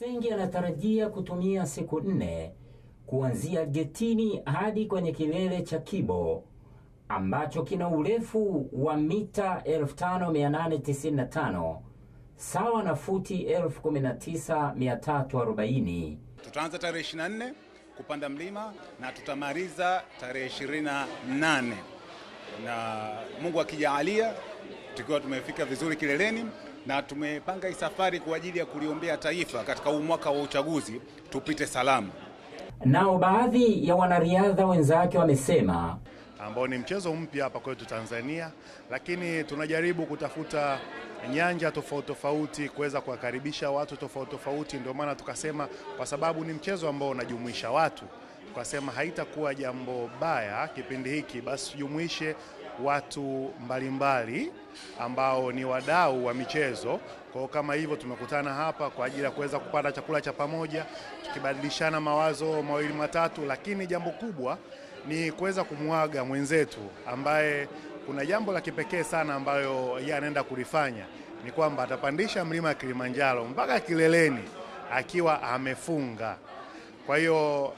Senge anatarajia kutumia siku nne kuanzia getini hadi kwenye kilele cha Kibo ambacho kina urefu wa mita 5895 sawa na futi 19340. Tutaanza tarehe 24 kupanda mlima na tutamaliza tarehe 28, na Mungu akijaalia tukiwa tumefika vizuri kileleni na tumepanga hii safari kwa ajili ya kuliombea taifa katika huu mwaka wa uchaguzi tupite salama. Nao baadhi ya wanariadha wenzake wamesema ambao ni mchezo mpya hapa kwetu Tanzania, lakini tunajaribu kutafuta nyanja tofauti tofauti kuweza kuwakaribisha watu tofauti tofauti. Ndio maana tukasema, kwa sababu ni mchezo ambao unajumuisha watu, tukasema haitakuwa jambo baya kipindi hiki, basi tujumuishe watu mbalimbali ambao ni wadau wa michezo. Kwa kama hivyo tumekutana hapa kwa ajili ya kuweza kupata chakula cha pamoja, tukibadilishana mawazo mawili matatu, lakini jambo kubwa ni kuweza kumwaga mwenzetu ambaye kuna jambo la kipekee sana ambayo yeye anaenda kulifanya, ni kwamba atapandisha mlima Kilimanjaro mpaka kileleni akiwa amefunga. Kwa hiyo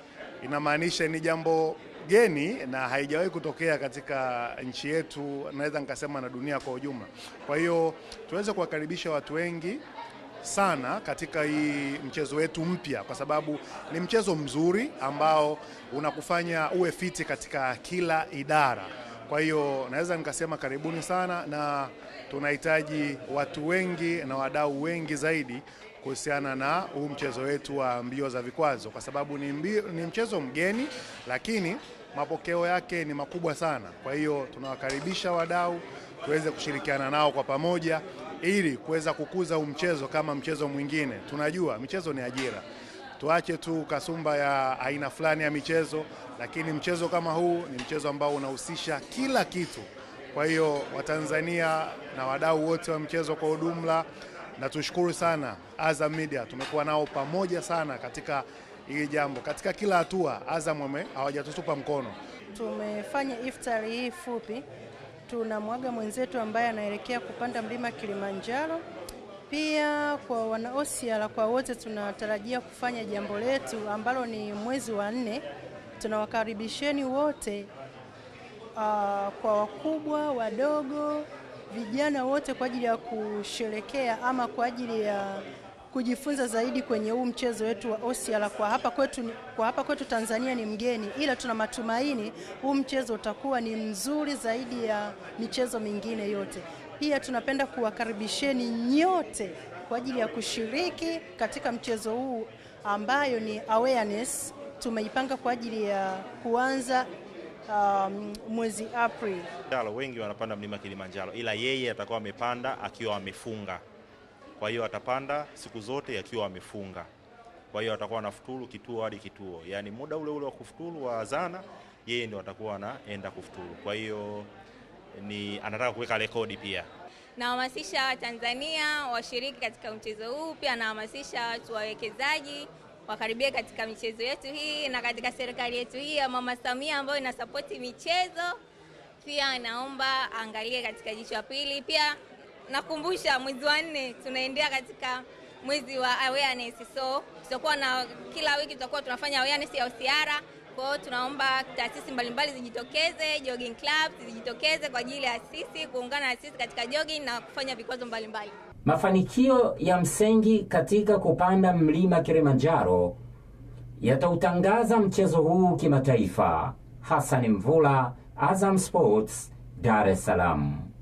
inamaanisha ni jambo geni na haijawahi kutokea katika nchi yetu, naweza nikasema na dunia kwa ujumla. Kwa hiyo tuweze kuwakaribisha watu wengi sana katika hii mchezo wetu mpya, kwa sababu ni mchezo mzuri ambao unakufanya uwe fiti katika kila idara. Kwa hiyo naweza nikasema karibuni sana, na tunahitaji watu wengi na wadau wengi zaidi kuhusiana na huu mchezo wetu wa mbio za vikwazo, kwa sababu ni, mbio, ni mchezo mgeni lakini mapokeo yake ni makubwa sana. Kwa hiyo tunawakaribisha wadau tuweze kushirikiana nao kwa pamoja ili kuweza kukuza huu mchezo kama mchezo mwingine. Tunajua michezo ni ajira tuache tu kasumba ya aina fulani ya michezo, lakini mchezo kama huu ni mchezo ambao unahusisha kila kitu. Kwa hiyo Watanzania na wadau wote wa mchezo kwa ujumla, na tushukuru sana Azam Media, tumekuwa nao pamoja sana katika hili jambo, katika kila hatua. Azam hawajatutupa mkono. Tumefanya iftari hii fupi, tunamwaga mwenzetu ambaye anaelekea kupanda mlima Kilimanjaro pia kwa wana Osiala, kwa wote tunatarajia kufanya jambo letu ambalo ni mwezi wa nne. Tunawakaribisheni wote uh, kwa wakubwa wadogo, vijana wote, kwa ajili ya kusherekea ama kwa ajili ya kujifunza zaidi kwenye huu mchezo wetu wa osiala kwa hapa kwetu, kwa hapa kwetu Tanzania ni mgeni, ila tuna matumaini huu mchezo utakuwa ni mzuri zaidi ya michezo mingine yote. Pia tunapenda kuwakaribisheni nyote kwa ajili ya kushiriki katika mchezo huu ambayo ni awareness tumeipanga kwa ajili ya kuanza um, mwezi April. Wengi wanapanda mlima Kilimanjaro, ila yeye atakuwa amepanda akiwa amefunga. Kwa hiyo atapanda siku zote akiwa amefunga. Kwa hiyo atakuwa anafuturu kituo hadi kituo, yaani muda ule ule wa kufuturu wa azana, yeye ndio atakuwa anaenda kufuturu. Kwa hiyo ni anataka kuweka rekodi pia. Nahamasisha Watanzania washiriki katika mchezo huu, pia nahamasisha watu wawekezaji wakaribia katika michezo yetu hii na katika serikali yetu hii ya Mama Samia ambayo inasapoti michezo. Pia naomba angalie katika jicho la pili pia nakumbusha mwezi wa nne tunaendea katika mwezi wa awareness, so tutakuwa na kila wiki tutakuwa tunafanya awareness ya usiara. Kwa hiyo tunaomba taasisi mbalimbali zijitokeze, jogging clubs zijitokeze kwa ajili ya sisi kuungana na sisi katika jogging na kufanya vikwazo mbalimbali. Mafanikio ya Msengi katika kupanda mlima Kilimanjaro yatautangaza mchezo huu kimataifa. Hassan Mvula, Azam Sports, Dar es Salaam.